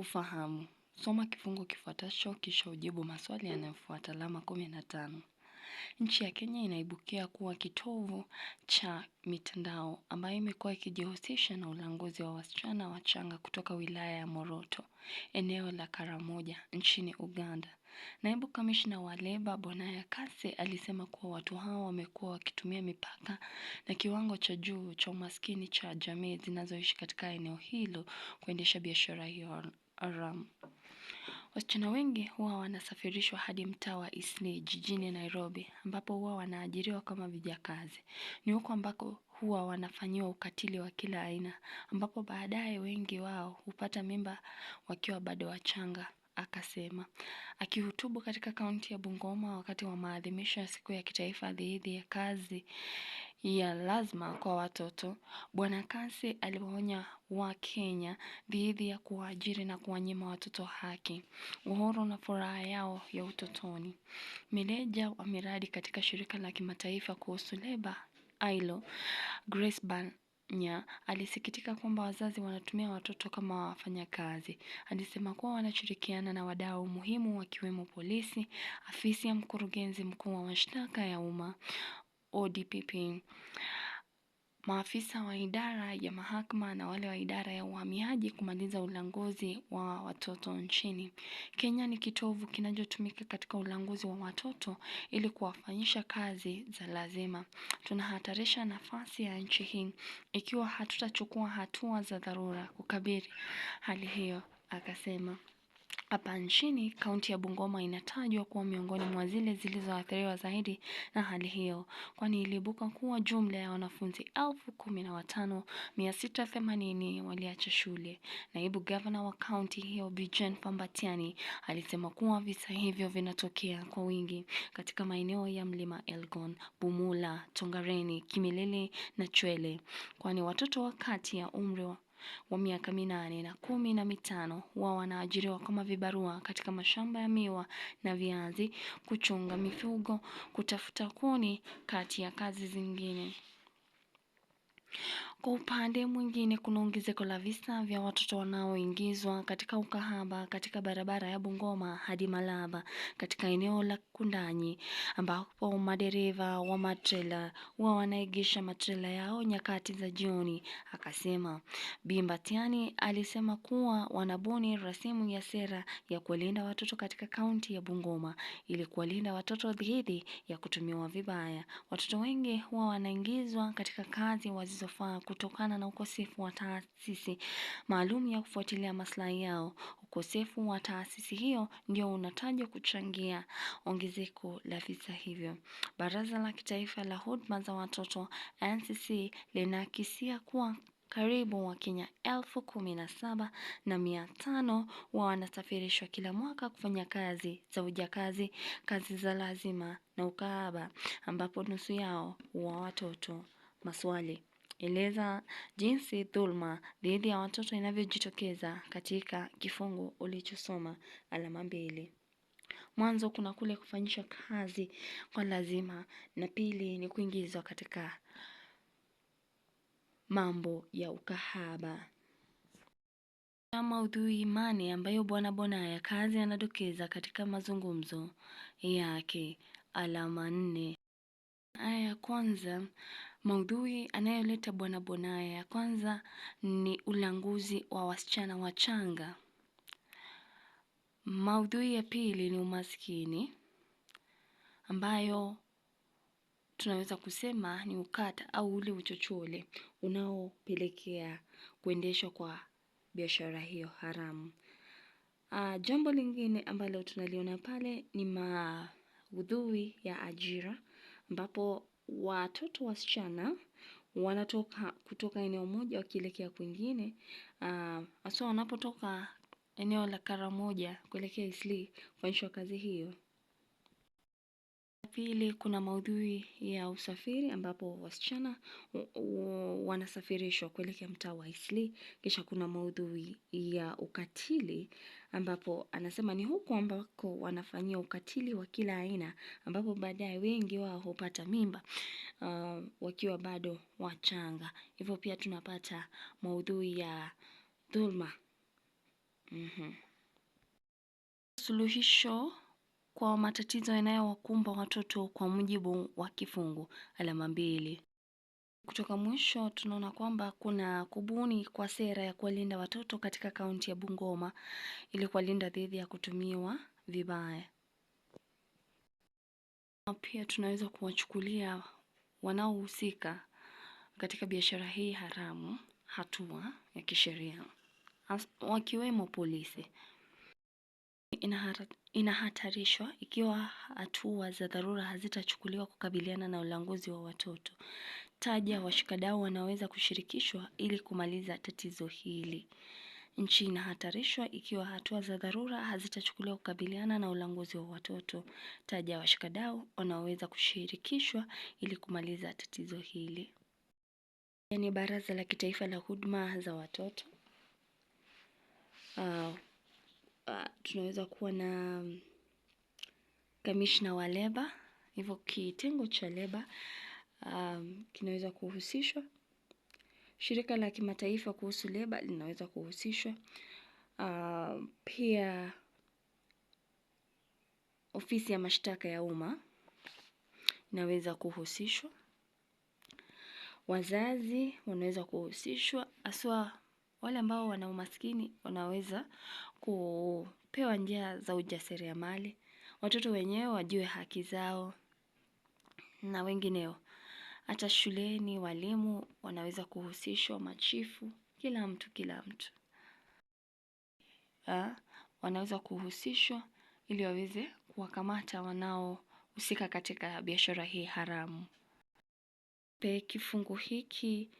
Ufahamu. Soma kifungu kifuatacho kisha ujibu maswali yanayofuata alama kumi na tano. Nchi ya Kenya inaibukia kuwa kitovu cha mitandao ambayo imekuwa ikijihusisha na ulanguzi wa wasichana wachanga kutoka wilaya ya Moroto, eneo la Karamoja, nchini Uganda. Naibu kamishna wa leba Bonaya Kase alisema kuwa watu hao wamekuwa wakitumia mipaka na kiwango cha juu cha umaskini cha jamii zinazoishi katika eneo hilo kuendesha biashara hiyo Aram. Wasichana wengi huwa wanasafirishwa hadi mtaa wa Eastleigh jijini Nairobi ambapo huwa wanaajiriwa kama vijakazi. Ni huko ambako huwa wanafanyiwa ukatili wa kila aina ambapo baadaye wengi wao hupata mimba wakiwa bado wachanga akasema. Akihutubu katika kaunti ya Bungoma wakati wa maadhimisho ya siku ya kitaifa dhidi ya kazi ya lazima kwa watoto, Bwana Kase aliwaonya Wakenya dhidi ya kuwaajiri na kuwanyima watoto haki, uhuru na furaha yao ya utotoni. Meneja wa miradi katika shirika la kimataifa kuhusu leba ILO, Grace Banya alisikitika kwamba wazazi wanatumia watoto kama wafanyakazi. Alisema kuwa wanashirikiana na wadau muhimu wakiwemo polisi, afisi ya mkurugenzi mkuu wa mashtaka ya umma, ODPP. Maafisa wa idara ya mahakama na wale wa idara ya uhamiaji kumaliza ulanguzi wa watoto nchini. Kenya ni kitovu kinachotumika katika ulanguzi wa watoto ili kuwafanyisha kazi za lazima. Tunahatarisha nafasi ya nchi hii ikiwa hatutachukua hatua za dharura kukabili hali hiyo, akasema. Hapa nchini kaunti ya Bungoma inatajwa kuwa miongoni mwa zile zilizoathiriwa zaidi na hali hiyo, kwani iliibuka kuwa jumla ya wanafunzi elfu kumi na watano mia sita themanini waliacha shule. Naibu gavana wa kaunti hiyo Bijen Pambatiani alisema kuwa visa hivyo vinatokea kwa wingi katika maeneo ya mlima Elgon, Bumula, Tongareni, Kimilili na Chwele, kwani watoto wa kati ya umri wa wa miaka minane na kumi na mitano wao wanaajiriwa kama vibarua katika mashamba ya miwa na viazi, kuchunga mifugo, kutafuta kuni kati ya kazi zingine. Kwa upande mwingine kuna ongezeko la visa vya watoto wanaoingizwa katika ukahaba katika barabara ya Bungoma hadi Malaba katika eneo la Kundanyi ambapo madereva wa matrela huwa wanaegesha matrela yao nyakati za jioni, akasema. Bimba Tiani. alisema kuwa wanabuni rasimu ya sera ya kuwalinda watoto katika kaunti ya Bungoma ili kuwalinda watoto dhidi ya kutumiwa vibaya. Watoto wengi huwa wanaingizwa katika kazi wazizofaa kutokana na ukosefu wa taasisi maalum ya kufuatilia maslahi yao. Ukosefu wa taasisi hiyo ndio unatajwa kuchangia ongezeko la visa hivyo. Baraza la Kitaifa la Huduma za Watoto NCC linakisia kuwa karibu Wakenya elfu kumi na saba na mia tano wa wanasafirishwa kila mwaka kufanya kazi za ujakazi, kazi za lazima na ukahaba, ambapo nusu yao wa watoto. Maswali: eleza jinsi dhulma dhidi ya watoto inavyojitokeza katika kifungu ulichosoma alama mbili. Mwanzo kuna kule kufanyishwa kazi kwa lazima na pili ni kuingizwa katika mambo ya ukahaba. Maudhui imani ambayo Bwana Bonaya kazi anadokeza katika mazungumzo yake alama nne. Aya ya kwanza Maudhui anayoleta Bwana Bonaya ya kwanza ni ulanguzi wa wasichana wachanga. Maudhui ya pili ni umaskini ambayo tunaweza kusema ni ukata au ule uchochole unaopelekea kuendeshwa kwa biashara hiyo haramu. Uh, jambo lingine ambalo tunaliona pale ni maudhui ya ajira ambapo watoto wasichana wanatoka kutoka eneo moja wakielekea kwingine, ah, hasa wanapotoka eneo la Karamoja kuelekea Isli kufanyishwa kazi hiyo. Pili kuna maudhui ya usafiri ambapo wasichana wanasafirishwa kuelekea mtaa wa Isli. Kisha kuna maudhui ya ukatili ambapo anasema ni huko ambako wanafanyia ukatili wa kila aina ambapo baadaye wengi wao hupata mimba uh, wakiwa bado wachanga. Hivyo pia tunapata maudhui ya dhulma. Mm -hmm. Suluhisho kwa matatizo yanayowakumba watoto kwa mujibu wa kifungu alama mbili. Kutoka mwisho tunaona kwamba kuna kubuni kwa sera ya kuwalinda watoto katika kaunti ya Bungoma ili kuwalinda dhidi ya kutumiwa vibaya. Pia tunaweza kuwachukulia wanaohusika katika biashara hii haramu hatua ya kisheria wakiwemo polisi inahatarishwa ikiwa hatua za dharura hazitachukuliwa kukabiliana na ulanguzi wa watoto. Taja washikadau wanaweza kushirikishwa ili kumaliza tatizo hili. Nchi inahatarishwa ikiwa hatua za dharura hazitachukuliwa kukabiliana na ulanguzi wa watoto. Taja washikadau wanaweza kushirikishwa ili kumaliza tatizo hili. Ni Baraza la Kitaifa la Huduma za Watoto. Uh, Uh, tunaweza kuwa na um, kamishna wa leba. Hivyo kitengo cha leba um, kinaweza kuhusishwa. Shirika la kimataifa kuhusu leba linaweza kuhusishwa. Uh, pia ofisi ya mashtaka ya umma inaweza kuhusishwa. Wazazi wanaweza kuhusishwa, aswa wale ambao wana umaskini wanaweza kupewa njia za ujasiriamali, watoto wenyewe wajue haki zao na wengineo. Hata shuleni, walimu, wanaweza kuhusishwa machifu, kila mtu, kila mtu. Ah, wanaweza kuhusishwa ili waweze kuwakamata wanaohusika katika biashara hii haramu. Kifungu hiki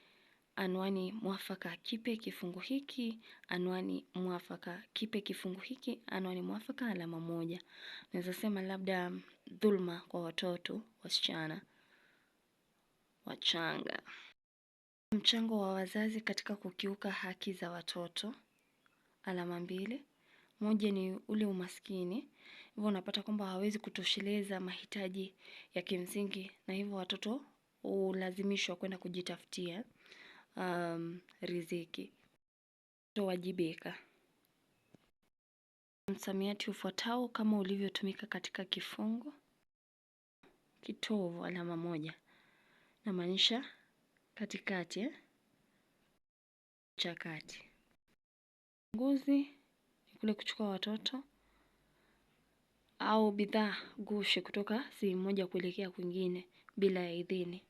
anwani mwafaka kipe kifungu hiki, anwani mwafaka kipe kifungu hiki, anwani mwafaka alama moja. Naweza sema labda dhulma kwa watoto wasichana wachanga. Mchango wa wazazi katika kukiuka haki za watoto, alama mbili. Moja ni ule umaskini, hivyo unapata kwamba hawezi kutosheleza mahitaji ya kimsingi, na hivyo watoto hulazimishwa kwenda kujitafutia um, riziki. Kutowajibika. Msamiati ufuatao kama ulivyotumika katika kifungu kitovu alama moja, namaanisha katikati eh? cha kati. Nguzi ni kule kuchukua watoto au bidhaa gushi kutoka sehemu moja kuelekea kwingine bila ya idhini.